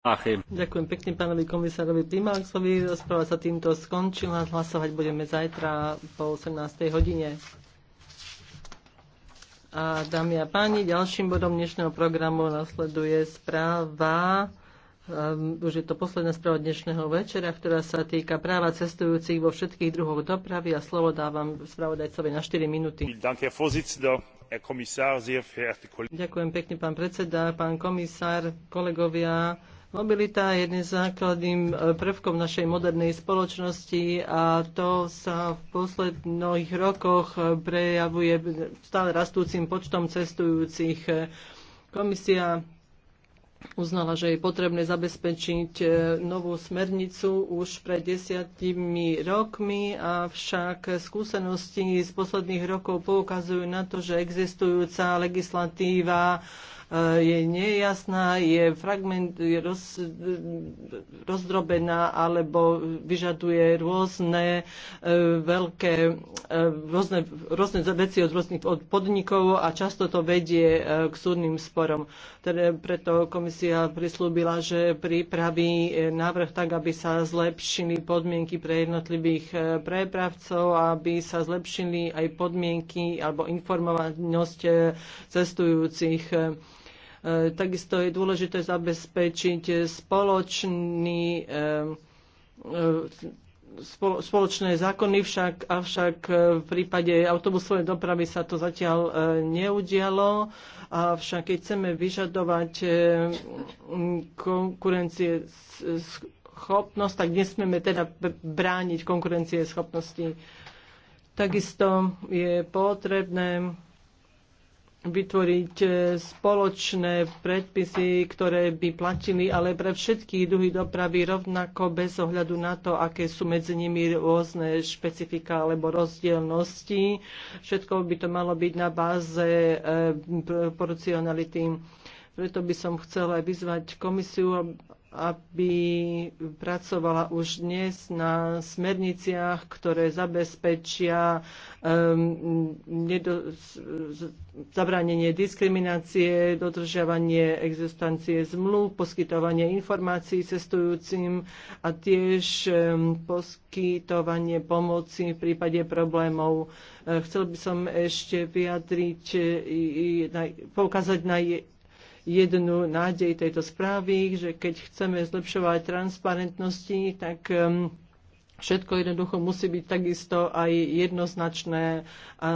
Achim. Ďakujem pekne pánovi komisárovi Timalksovi. Rozpráva sa týmto skončila. Hlasovať budeme zajtra po 18. hodine. A dámy a páni, ďalším bodom dnešného programu nasleduje správa um, už je to posledná správa dnešného večera, ktorá sa týka práva cestujúcich vo všetkých druhoch dopravy a slovo dávam spravodajcovi na 4 minúty. Ďakujem pekne, pán predseda, pán komisár, kolegovia Mobilita je jedným základným e, prvkom našej modernej spoločnosti a to sa v posledných rokoch e, prejavuje stále rastúcim počtom cestujúcich. E, Komisia uznala, že je potrebné zabezpečiť novú smernicu už pred desiatimi rokmi, avšak skúsenosti z posledných rokov poukazujú na to, že existujúca legislatíva Eh, je nejasná, je, fragment, je roz, eh, rozdrobená alebo vyžaduje rôzne eh, veľké rôzne, rôzne veci od rôznych od podnikov a často to vedie k súdnym sporom. Teda preto komisia prislúbila, že pripraví návrh tak, aby sa zlepšili podmienky pre jednotlivých prepravcov, aby sa zlepšili aj podmienky alebo informovanosť cestujúcich E, takisto je dôležité zabezpečiť spoločný e, e, spoločné zákony, však, avšak v prípade autobusovej dopravy sa to zatiaľ neudialo. Avšak keď chceme vyžadovať konkurencie schopnosť, tak nesmieme teda brániť konkurencie schopnosti. Takisto je potrebné vytvoriť e, spoločné predpisy, ktoré by platili ale pre všetky druhy dopravy rovnako bez ohľadu na to, aké sú medzi nimi rôzne špecifika alebo rozdielnosti. Všetko by to malo byť na báze e, proporcionality. Preto by som chcela vyzvať komisiu, aby pracovala už dnes na smerniciach, ktoré zabezpečia um, nedo, zabranenie diskriminácie, dodržiavanie existencie zmluv, poskytovanie informácií cestujúcim a tiež um, poskytovanie pomoci v prípade problémov. Uh, chcel by som ešte vyjadriť, uh, poukázať na jednu nádej tejto správy, že keď chceme zlepšovať transparentnosti, tak um, všetko jednoducho musí byť takisto aj jednoznačné a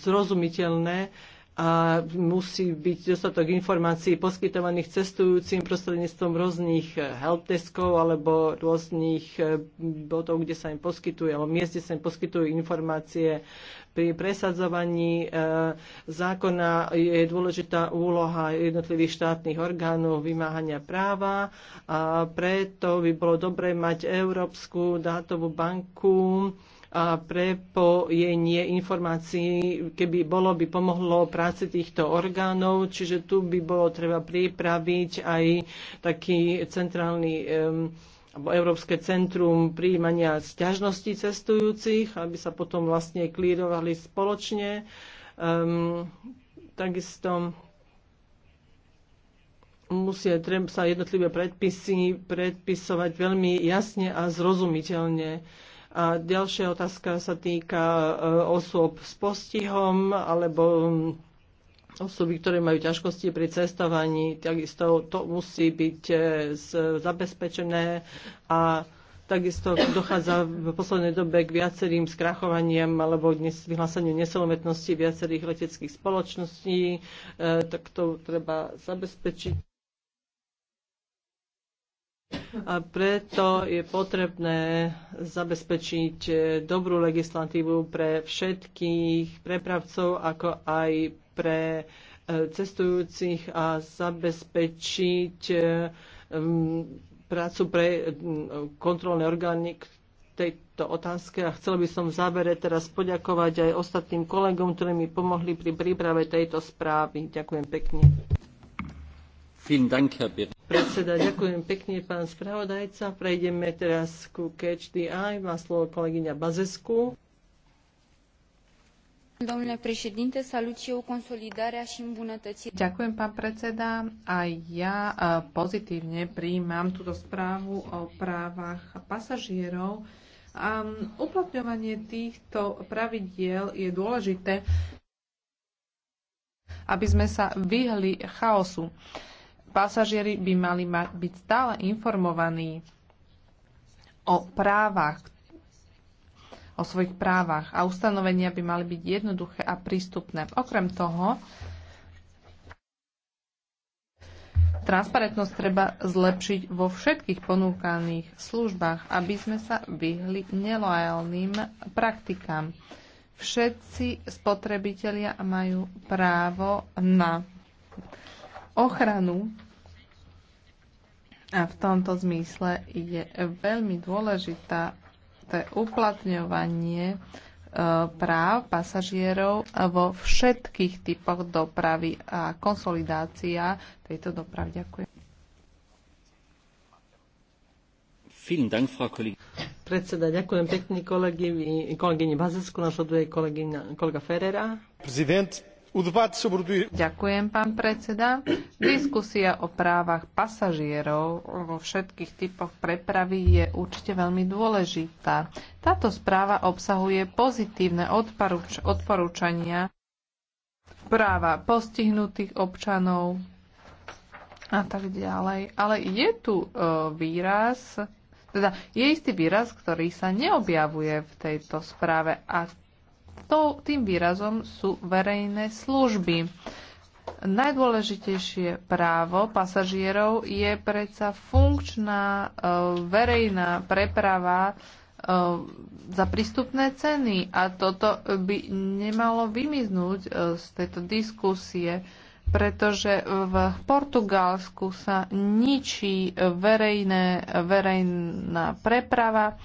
zrozumiteľné a musí byť dostatok informácií poskytovaných cestujúcim prostredníctvom rôznych eh, helpdeskov alebo rôznych eh, bodov, kde sa im poskytuje, alebo miest, kde sa im poskytujú informácie. Pri presadzovaní eh, zákona je dôležitá úloha jednotlivých štátnych orgánov vymáhania práva a preto by bolo dobré mať Európsku dátovú banku, a prepojenie informácií, keby bolo, by pomohlo práci týchto orgánov, čiže tu by bolo treba pripraviť aj taký centrálny alebo Európske centrum príjmania sťažností cestujúcich, aby sa potom vlastne klírovali spoločne. Um, takisto musia treba sa jednotlivé predpisy predpisovať veľmi jasne a zrozumiteľne a ďalšia otázka sa týka e, osôb s postihom alebo mm, osoby, ktoré majú ťažkosti pri cestovaní, takisto to musí byť e, zabezpečené a Takisto dochádza v poslednej dobe k viacerým skrachovaniam alebo vyhláseniu nesolometnosti viacerých leteckých spoločností. E, tak to treba zabezpečiť a preto je potrebné zabezpečiť eh, dobrú legislatívu pre všetkých prepravcov, ako aj pre eh, cestujúcich a zabezpečiť eh, prácu pre kontrolné orgány tejto otázke a chcel by som v závere teraz poďakovať aj ostatným kolegom, ktorí mi pomohli pri príprave tejto správy. Ďakujem pekne. Vielen Dank, Herr predseda. Ďakujem pekne, pán spravodajca. Prejdeme teraz ku Catch the Eye. Má slovo kolegyňa Bazesku. Domnule și îmbunătățirea. Ďakujem, pán predseda. A ja e, pozitívne prijímam túto správu o právach pasažierov. A uplatňovanie týchto pravidiel je dôležité, aby sme sa vyhli chaosu. Uh, pasažieri by mali byť stále informovaní o právach, o svojich právach a ustanovenia by mali byť jednoduché a prístupné. Okrem toho, transparentnosť treba zlepšiť vo všetkých ponúkaných službách, aby sme sa vyhli nelojálnym praktikám. Všetci spotrebitelia majú právo na ochranu. A v tomto zmysle je veľmi dôležitá to je uplatňovanie e, práv pasažierov vo všetkých typoch dopravy a konsolidácia tejto dopravy. Ďakujem. Predseda, ďakujem pekne kolegyni, kolegyni Bazesku, našoduje kolega Ferrera. Prezident, Ďakujem, pán predseda. Diskusia o právach pasažierov vo všetkých typoch prepravy je určite veľmi dôležitá. Táto správa obsahuje pozitívne odporúčania práva postihnutých občanov a tak ďalej. Ale je tu e, výraz, teda je istý výraz, ktorý sa neobjavuje v tejto správe a to, tým výrazom sú verejné služby. Najdôležitejšie právo pasažierov je predsa funkčná e, verejná preprava e, za prístupné ceny a toto by nemalo vymiznúť e, z tejto diskusie, pretože v Portugalsku sa ničí verejné, verejná preprava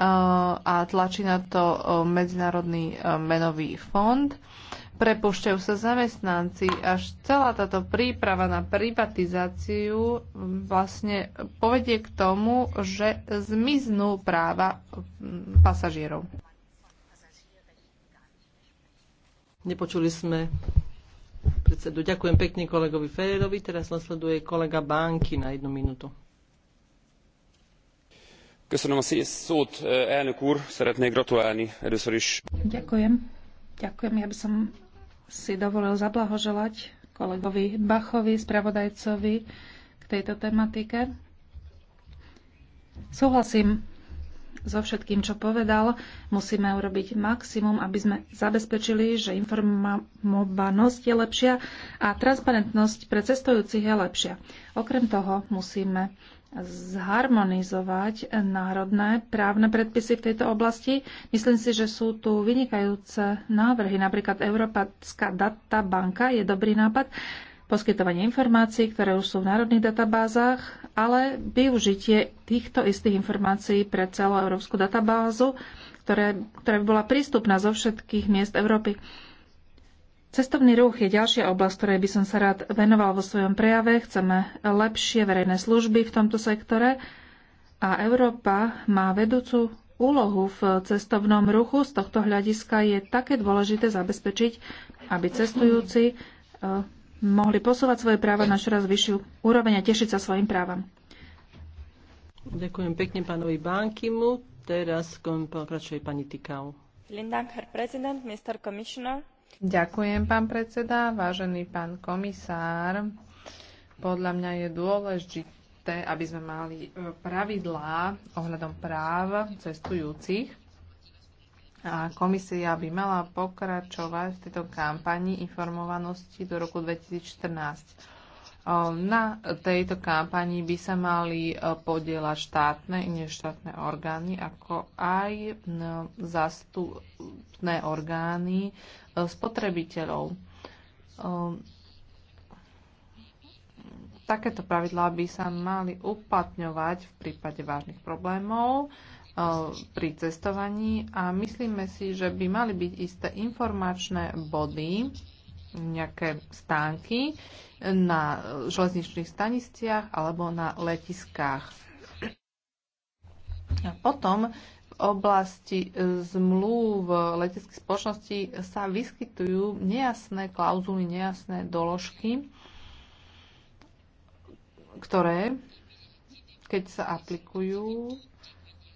a tlačí na to Medzinárodný e, menový fond. Prepušťajú sa zamestnanci, až celá táto príprava na privatizáciu vlastne povedie k tomu, že zmiznú práva pasažierov. Nepočuli sme predsedu. Ďakujem pekne kolegovi Ferrerovi. Teraz nasleduje kolega Banky na jednu minútu. Szeretnék gratulálni először is. Ďakujem. Ďakujem. Ja by som si dovolil zablahoželať kolegovi Bachovi, spravodajcovi k tejto tematike. Súhlasím so všetkým, čo povedal. Musíme urobiť maximum, aby sme zabezpečili, že informovanosť je lepšia a transparentnosť pre cestujúcich je lepšia. Okrem toho musíme zharmonizovať národné právne predpisy v tejto oblasti. Myslím si, že sú tu vynikajúce návrhy. Napríklad Európska databanka je dobrý nápad. Poskytovanie informácií, ktoré už sú v národných databázach, ale využitie týchto istých informácií pre celú európsku databázu, ktoré, ktorá by bola prístupná zo všetkých miest Európy. Cestovný ruch je ďalšia oblasť, ktorej by som sa rád venoval vo svojom prejave. Chceme lepšie verejné služby v tomto sektore a Európa má vedúcu úlohu v cestovnom ruchu. Z tohto hľadiska je také dôležité zabezpečiť, aby cestujúci eh, mohli posúvať svoje práva na čoraz vyššiu úroveň a tešiť sa svojim právam. Ďakujem pekne pánovi Bankimu. Teraz pokračuje pani Tikau. Ďakujem, pán predseda, vážený pán komisár. Podľa mňa je dôležité, aby sme mali e, pravidlá ohľadom práv cestujúcich a komisia by mala pokračovať v tejto kampani informovanosti do roku 2014. Ehm, na tejto kampani by sa mali e, podielať štátne i neštátne orgány, ako aj zastupné orgány e, spotrebiteľov. Ehm, takéto pravidlá by sa mali uplatňovať v prípade vážnych problémov pri cestovaní a myslíme si, že by mali byť isté informačné body, nejaké stánky na železničných stanistiach alebo na letiskách. A potom v oblasti e, zmluv leteckých spoločností sa vyskytujú nejasné klauzuly, nejasné doložky, ktoré, keď sa aplikujú,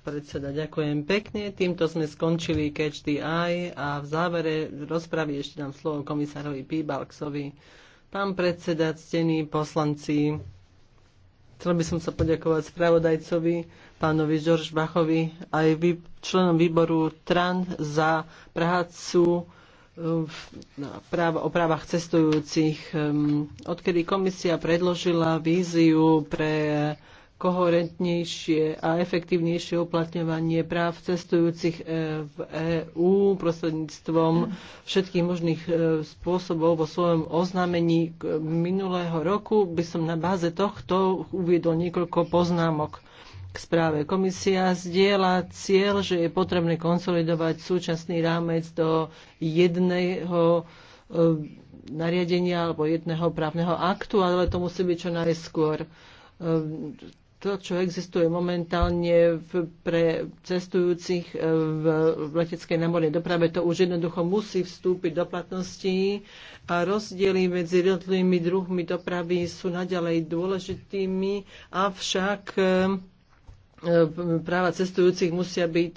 Predseda, ďakujem pekne. Týmto sme skončili Catch the Eye a v závere rozpravy ešte dám slovo komisárovi Píbalksovi. Pán predseda, ctení poslanci, chcel by som sa poďakovať spravodajcovi, pánovi Žorž Bachovi, aj vy, členom výboru TRAN za prácu um, o právach cestujúcich. Um, odkedy komisia predložila víziu pre koherentnejšie a efektívnejšie uplatňovanie práv cestujúcich e, v EÚ prostredníctvom všetkých možných e, spôsobov vo svojom oznámení minulého roku by som na báze tohto uviedol niekoľko poznámok k správe. Komisia zdieľa cieľ, že je potrebné konsolidovať súčasný rámec do jedného e, nariadenia alebo jedného právneho aktu, ale to musí byť čo najskôr to, čo existuje momentálne v, pre cestujúcich e, v, v leteckej námornej doprave, to už jednoducho musí vstúpiť do platnosti a rozdiely medzi jednotlivými druhmi dopravy sú naďalej dôležitými, avšak e, e, práva cestujúcich musia byť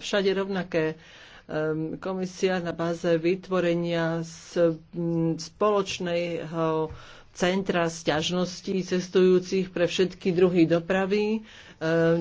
všade rovnaké komisia na báze vytvorenia spoločného centra sťažností cestujúcich pre všetky druhy dopravy. E,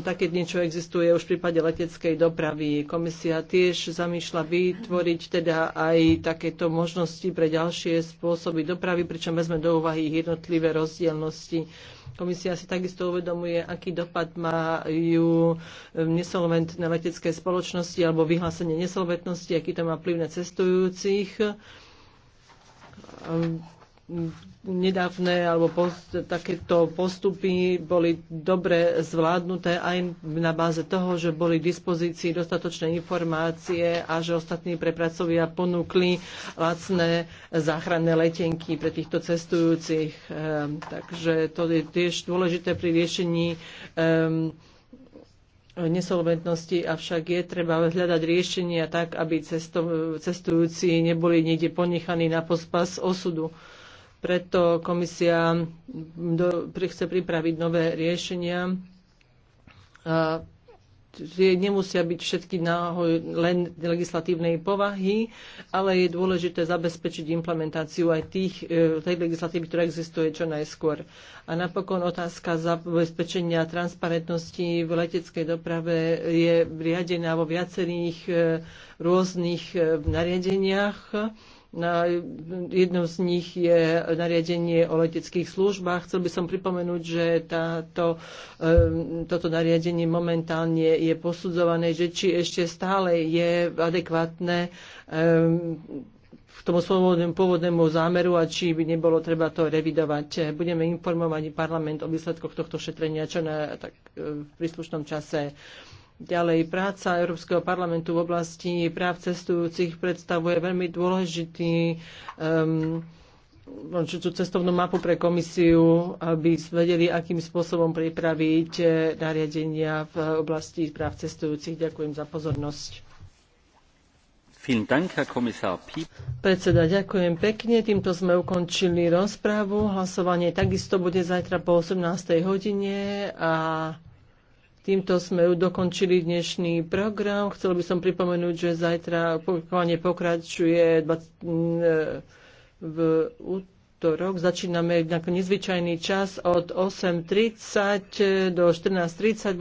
také niečo existuje už v prípade leteckej dopravy. Komisia tiež zamýšľa vytvoriť teda aj takéto možnosti pre ďalšie spôsoby dopravy, pričom vezme do úvahy ich jednotlivé rozdielnosti. Komisia si takisto uvedomuje, aký dopad majú nesolventné letecké spoločnosti alebo vyhlásenie nesolventnosti, aký to má vplyv na cestujúcich nedávne alebo post, takéto postupy boli dobre zvládnuté aj na báze toho, že boli k dispozícii dostatočné informácie a že ostatní prepracovia ponúkli lacné záchranné letenky pre týchto cestujúcich. Ehm, takže to je tiež dôležité pri riešení ehm, nesolventnosti, avšak je treba hľadať riešenia tak, aby cestujúci neboli niekde ponechaní na pospas osudu. Preto komisia do, chce pripraviť nové riešenia. A nemusia byť všetky náhoj len legislatívnej povahy, ale je dôležité zabezpečiť implementáciu aj tých, e, tej legislatívy, ktorá existuje čo najskôr. A napokon otázka zabezpečenia transparentnosti v leteckej doprave je riadená vo viacerých e, rôznych e, nariadeniach na Jednou z nich je nariadenie o leteckých službách. Chcel by som pripomenúť, že táto, toto nariadenie momentálne je posudzované, že či ešte stále je adekvátne k tomu svojom pôvodnému zámeru a či by nebolo treba to revidovať. Budeme informovať parlament o výsledkoch tohto šetrenia čo na tak, e, v príslušnom čase. Ďalej, práca Európskeho parlamentu v oblasti práv cestujúcich predstavuje veľmi dôležitý um, tú cestovnú mapu pre komisiu, aby vedeli, akým spôsobom pripraviť eh, nariadenia v oblasti práv cestujúcich. Ďakujem za pozornosť. Dank, Predseda, ďakujem pekne. Týmto sme ukončili rozprávu. Hlasovanie takisto bude zajtra po 18. hodine a Týmto sme dokončili dnešný program. Chcel by som pripomenúť, že zajtra publikovanie pokračuje e, v útorok. Začíname nezvyčajný čas od 8.30 do 14.30.